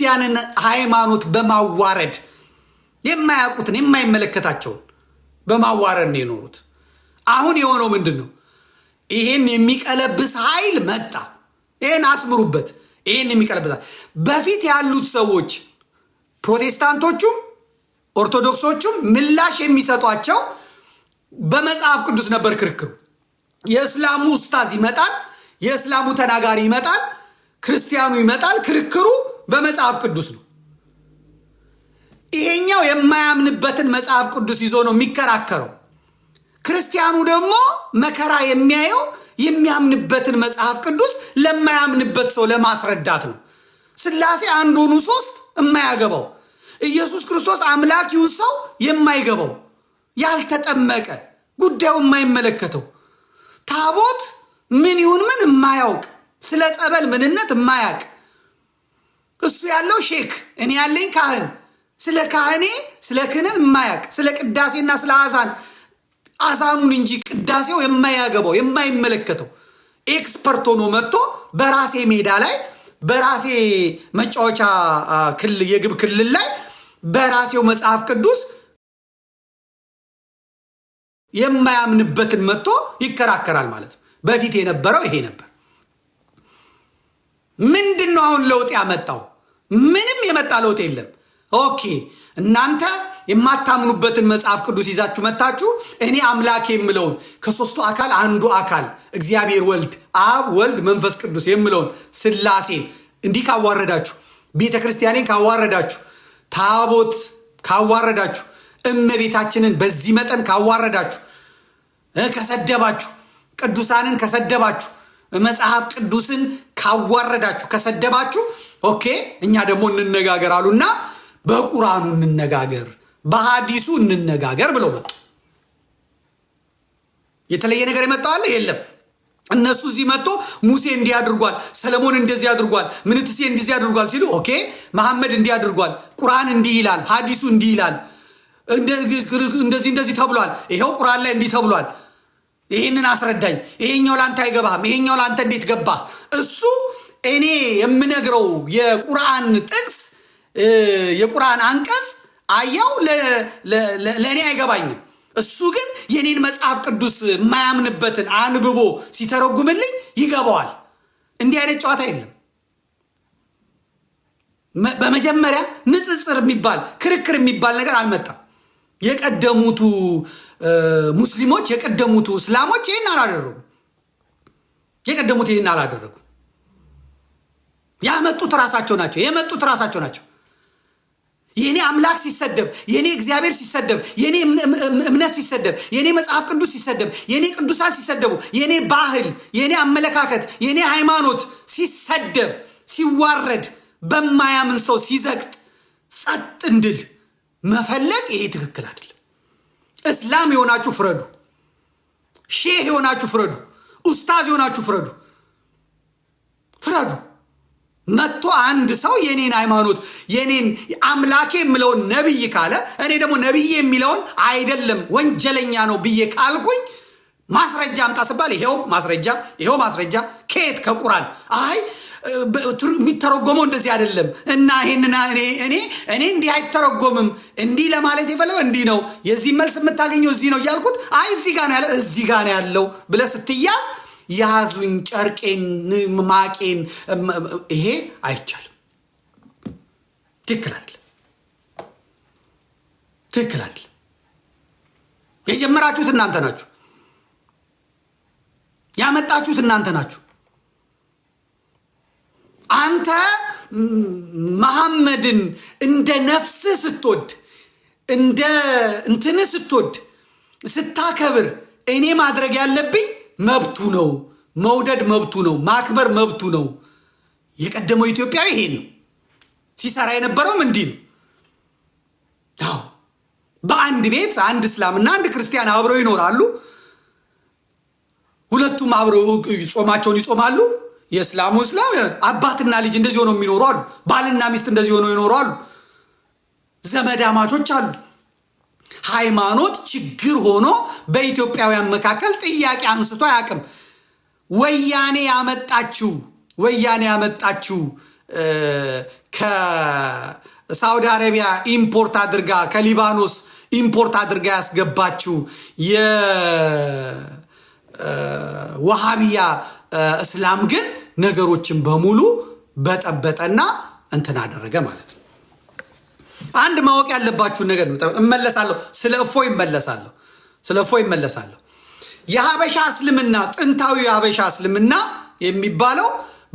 የክርስቲያንን ሃይማኖት በማዋረድ የማያውቁትን የማይመለከታቸውን በማዋረድ ነው የኖሩት። አሁን የሆነው ምንድን ነው? ይሄን የሚቀለብስ ኃይል መጣ። ይሄን አስምሩበት። ይህን የሚቀለብስ በፊት ያሉት ሰዎች ፕሮቴስታንቶቹም ኦርቶዶክሶቹም ምላሽ የሚሰጧቸው በመጽሐፍ ቅዱስ ነበር ክርክሩ። የእስላሙ ኡስታዝ ይመጣል፣ የእስላሙ ተናጋሪ ይመጣል፣ ክርስቲያኑ ይመጣል። ክርክሩ በመጽሐፍ ቅዱስ ነው። ይሄኛው የማያምንበትን መጽሐፍ ቅዱስ ይዞ ነው የሚከራከረው። ክርስቲያኑ ደግሞ መከራ የሚያየው የሚያምንበትን መጽሐፍ ቅዱስ ለማያምንበት ሰው ለማስረዳት ነው። ስላሴ አንድ ሆኑ ሶስት የማያገባው ኢየሱስ ክርስቶስ አምላክ ይሁን ሰው የማይገባው ያልተጠመቀ ጉዳዩ የማይመለከተው ታቦት ምን ይሁን ምን የማያውቅ ስለ ጸበል ምንነት የማያውቅ እሱ ያለው ሼክ፣ እኔ ያለኝ ካህን። ስለ ካህኔ ስለ ክህነት የማያቅ ስለ ቅዳሴና ስለ አዛን አዛኑን እንጂ ቅዳሴው የማያገባው የማይመለከተው ኤክስፐርት ሆኖ መጥቶ በራሴ ሜዳ ላይ በራሴ መጫወቻ የግብ ክልል ላይ በራሴው መጽሐፍ ቅዱስ የማያምንበትን መጥቶ ይከራከራል ማለት ነው። በፊት የነበረው ይሄ ነበር። ምንድን ነው አሁን ለውጥ ያመጣው? ምንም የመጣ ለውጥ የለም። ኦኬ እናንተ የማታምኑበትን መጽሐፍ ቅዱስ ይዛችሁ መታችሁ እኔ አምላክ የምለውን ከሶስቱ አካል አንዱ አካል እግዚአብሔር ወልድ፣ አብ፣ ወልድ፣ መንፈስ ቅዱስ የምለውን ስላሴ እንዲህ ካዋረዳችሁ፣ ቤተ ክርስቲያኔን ካዋረዳችሁ፣ ታቦት ካዋረዳችሁ፣ እመቤታችንን በዚህ መጠን ካዋረዳችሁ፣ ከሰደባችሁ፣ ቅዱሳንን ከሰደባችሁ መጽሐፍ ቅዱስን ካዋረዳችሁ ከሰደባችሁ፣ ኦኬ እኛ ደግሞ እንነጋገር አሉና በቁርአኑ እንነጋገር፣ በሀዲሱ እንነጋገር ብለው መጡ። የተለየ ነገር የመጣዋለ የለም። እነሱ እዚህ መጥቶ ሙሴ እንዲህ አድርጓል፣ ሰለሞን እንደዚህ አድርጓል፣ ምንትሴ እንደዚህ አድርጓል ሲሉ ኦኬ መሐመድ እንዲህ አድርጓል፣ ቁርአን እንዲህ ይላል፣ ሀዲሱ እንዲህ ይላል፣ እንደዚህ እንደዚህ ተብሏል፣ ይኸው ቁርአን ላይ እንዲህ ተብሏል ይህንን አስረዳኝ። ይሄኛው ለአንተ አይገባም፣ ይሄኛው ላንተ እንዴት ገባ? እሱ እኔ የምነግረው የቁርአን ጥቅስ የቁርአን አንቀጽ አያው ለእኔ አይገባኝም። እሱ ግን የኔን መጽሐፍ ቅዱስ የማያምንበትን አንብቦ ሲተረጉምልኝ ይገባዋል። እንዲህ አይነት ጨዋታ የለም። በመጀመሪያ ንጽጽር የሚባል ክርክር የሚባል ነገር አልመጣም። የቀደሙቱ ሙስሊሞች የቀደሙት እስላሞች ይህን አላደረጉ የቀደሙት ይህን አላደረጉ ያመጡት ራሳቸው ናቸው። የመጡት ራሳቸው ናቸው። የኔ አምላክ ሲሰደብ፣ የኔ እግዚአብሔር ሲሰደብ፣ የኔ እምነት ሲሰደብ፣ የኔ መጽሐፍ ቅዱስ ሲሰደብ፣ የኔ ቅዱሳን ሲሰደቡ፣ የኔ ባህል፣ የኔ አመለካከት፣ የኔ ሃይማኖት ሲሰደብ፣ ሲዋረድ፣ በማያምን ሰው ሲዘቅጥ ጸጥ እንድል መፈለግ ይሄ ትክክል አይደለም። እስላም የሆናችሁ ፍረዱ። ሼህ የሆናችሁ ፍረዱ። ኡስታዝ የሆናችሁ ፍረዱ። ፍረዱ። መጥቶ አንድ ሰው የኔን ሃይማኖት የኔን አምላኬ የምለውን ነቢይ ካለ እኔ ደግሞ ነቢይ የሚለውን አይደለም ወንጀለኛ ነው ብዬ ካልኩኝ ማስረጃ አምጣ ስባል ይሄው ማስረጃ ይሄው ማስረጃ ከየት ከቁራን አይ የሚተረጎመው እንደዚህ አይደለም እና ይሄንን እኔ እኔ እንዲህ አይተረጎምም እንዲህ ለማለት የፈለው እንዲህ ነው የዚህ መልስ የምታገኘው እዚህ ነው እያልኩት አይ እዚህ ጋር ያለ እዚህ ጋር ነው ያለው ብለ ስትያዝ ያዙኝ ጨርቄን ማቄን ይሄ አይቻልም። ትክክል አይደለም። ትክክል አይደለም። የጀመራችሁት እናንተ ናችሁ። ያመጣችሁት እናንተ ናችሁ። አንተ መሐመድን እንደ ነፍስ ስትወድ እንደ እንትን ስትወድ ስታከብር፣ እኔ ማድረግ ያለብኝ መብቱ ነው። መውደድ መብቱ ነው። ማክበር መብቱ ነው። የቀደመው ኢትዮጵያዊ ይሄ ነው ሲሰራ የነበረውም እንዲህ ነው። አዎ በአንድ ቤት አንድ እስላምና አንድ ክርስቲያን አብረው ይኖራሉ። ሁለቱም አብረው ጾማቸውን ይጾማሉ። የእስላሙ እስላም አባትና ልጅ እንደዚህ ሆነው የሚኖሩ አሉ። ባልና ሚስት እንደዚህ ሆነው ይኖሩ አሉ። ዘመዳማቾች አሉ። ሃይማኖት ችግር ሆኖ በኢትዮጵያውያን መካከል ጥያቄ አንስቶ አያውቅም። ወያኔ ያመጣችው ወያኔ ያመጣችው ከሳውዲ አረቢያ ኢምፖርት አድርጋ ከሊባኖስ ኢምፖርት አድርጋ ያስገባችው የወሃቢያ እስላም ግን ነገሮችን በሙሉ በጠበጠና እንትን አደረገ ማለት ነው። አንድ ማወቅ ያለባችሁን ነገር እመለሳለሁ። ስለ እፎ ይመለሳለሁ። ስለ እፎ ይመለሳለሁ። የሀበሻ እስልምና ጥንታዊ የሀበሻ እስልምና የሚባለው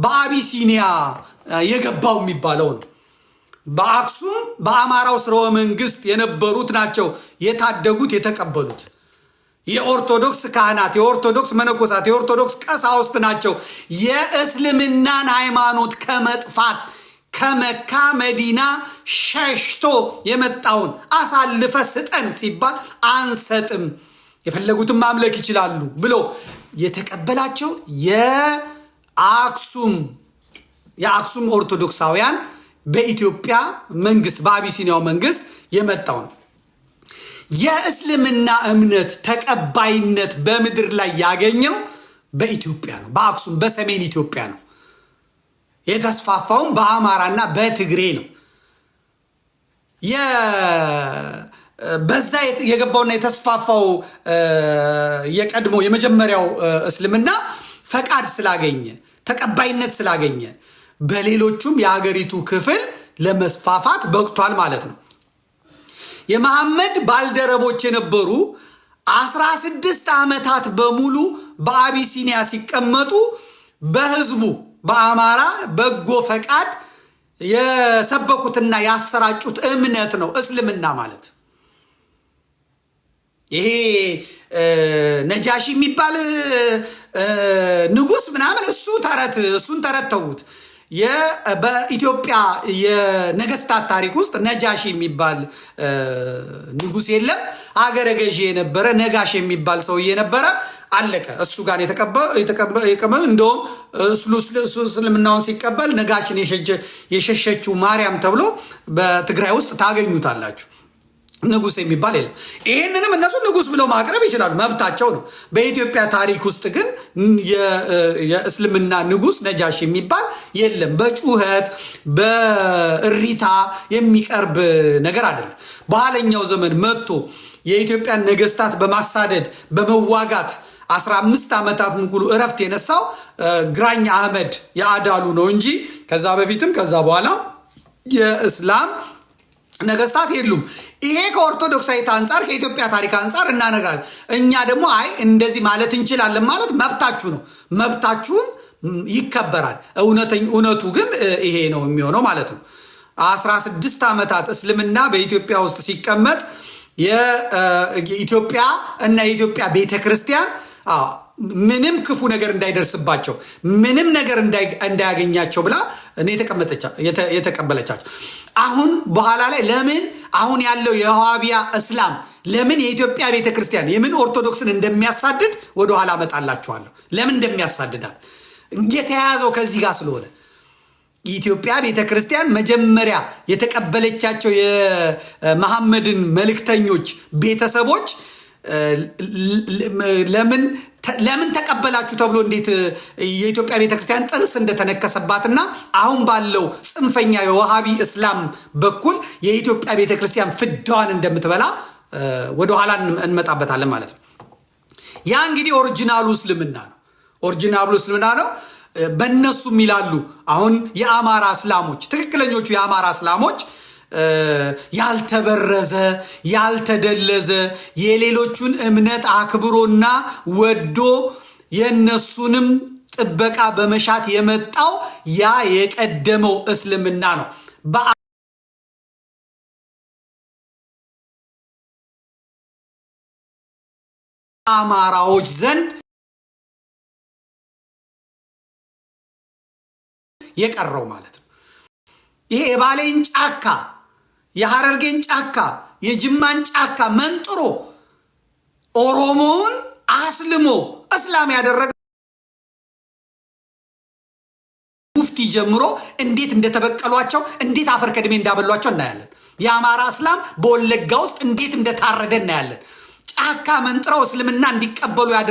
በአቢሲኒያ የገባው የሚባለው ነው። በአክሱም በአማራው ስርወ መንግስት የነበሩት ናቸው የታደጉት የተቀበሉት የኦርቶዶክስ ካህናት፣ የኦርቶዶክስ መነኮሳት፣ የኦርቶዶክስ ቀሳውስት ናቸው የእስልምናን ሃይማኖት ከመጥፋት ከመካ መዲና ሸሽቶ የመጣውን አሳልፈ ስጠን ሲባል አንሰጥም፣ የፈለጉትን ማምለክ ይችላሉ ብሎ የተቀበላቸው የአክሱም የአክሱም ኦርቶዶክሳውያን በኢትዮጵያ መንግስት በአቢሲኒያው መንግስት የመጣው ነው። የእስልምና እምነት ተቀባይነት በምድር ላይ ያገኘው በኢትዮጵያ ነው፣ በአክሱም በሰሜን ኢትዮጵያ ነው። የተስፋፋውም በአማራና በትግሬ ነው። በዛ የገባውና የተስፋፋው የቀድሞ የመጀመሪያው እስልምና ፈቃድ ስላገኘ ተቀባይነት ስላገኘ በሌሎቹም የሀገሪቱ ክፍል ለመስፋፋት በቅቷል ማለት ነው። የመሐመድ ባልደረቦች የነበሩ አስራ ስድስት ዓመታት በሙሉ በአቢሲኒያ ሲቀመጡ በህዝቡ በአማራ በጎ ፈቃድ የሰበኩትና ያሰራጩት እምነት ነው እስልምና ማለት። ይሄ ነጃሺ የሚባል ንጉስ ምናምን እሱ ተረት እሱን ተረት ተዉት። በኢትዮጵያ የነገስታት ታሪክ ውስጥ ነጃሽ የሚባል ንጉስ የለም። አገረ ገዢ የነበረ ነጋሽ የሚባል ሰውዬ ነበረ። አለቀ። እሱ ጋር የተቀበ እንደውም እስልምናውን ሲቀበል ነጋሽን የሸሸችው ማርያም ተብሎ በትግራይ ውስጥ ታገኙታላችሁ። ንጉስ የሚባል የለም። ይህንንም እነሱ ንጉስ ብለው ማቅረብ ይችላሉ፣ መብታቸው ነው። በኢትዮጵያ ታሪክ ውስጥ ግን የእስልምና ንጉስ ነጃሽ የሚባል የለም። በጩኸት በእሪታ የሚቀርብ ነገር አይደለም። በኋለኛው ዘመን መጥቶ የኢትዮጵያን ነገስታት በማሳደድ በመዋጋት አስራ አምስት ዓመታት ሙሉ እረፍት የነሳው ግራኝ አህመድ የአዳሉ ነው እንጂ ከዛ በፊትም ከዛ በኋላ የእስላም ነገስታት የሉም። ይሄ ከኦርቶዶክሳዊት አንጻር ከኢትዮጵያ ታሪክ አንጻር እናነግራለን። እኛ ደግሞ አይ እንደዚህ ማለት እንችላለን ማለት መብታችሁ ነው፣ መብታችሁን ይከበራል። እውነቱ ግን ይሄ ነው የሚሆነው ማለት ነው። አስራ ስድስት ዓመታት እስልምና በኢትዮጵያ ውስጥ ሲቀመጥ የኢትዮጵያ እና የኢትዮጵያ ቤተክርስቲያን ምንም ክፉ ነገር እንዳይደርስባቸው ምንም ነገር እንዳያገኛቸው ብላ የተቀበለቻቸው። አሁን በኋላ ላይ ለምን አሁን ያለው የዋቢያ እስላም ለምን የኢትዮጵያ ቤተ ክርስቲያን የምን ኦርቶዶክስን እንደሚያሳድድ ወደኋላ እመጣላችኋለሁ። ለምን እንደሚያሳድዳል የተያያዘው ከዚህ ጋር ስለሆነ ኢትዮጵያ ቤተ ክርስቲያን መጀመሪያ የተቀበለቻቸው የመሐመድን መልእክተኞች ቤተሰቦች ለምን ለምን ተቀበላችሁ ተብሎ እንዴት የኢትዮጵያ ቤተክርስቲያን ጥርስ እንደተነከሰባትና አሁን ባለው ጽንፈኛ የወሃቢ እስላም በኩል የኢትዮጵያ ቤተክርስቲያን ፍዳዋን እንደምትበላ ወደኋላ እንመጣበታለን ማለት ነው። ያ እንግዲህ ኦሪጂናሉ እስልምና ነው። ኦሪጂናሉ እስልምና ነው። በእነሱም ይላሉ አሁን የአማራ እስላሞች ትክክለኞቹ የአማራ እስላሞች ያልተበረዘ ያልተደለዘ የሌሎቹን እምነት አክብሮና ወዶ የነሱንም ጥበቃ በመሻት የመጣው ያ የቀደመው እስልምና ነው። በአማራዎች ዘንድ የቀረው ማለት ነው። ይሄ የባሌን ጫካ የሐረርጌን ጫካ የጅማን ጫካ መንጥሮ ኦሮሞውን አስልሞ እስላም ያደረገ ሙፍቲ ጀምሮ እንዴት እንደተበቀሏቸው እንዴት አፈር ከድሜ እንዳበሏቸው እናያለን። የአማራ እስላም በወለጋ ውስጥ እንዴት እንደታረደ እናያለን። ጫካ መንጥረው እስልምና እንዲቀበሉ ያደረ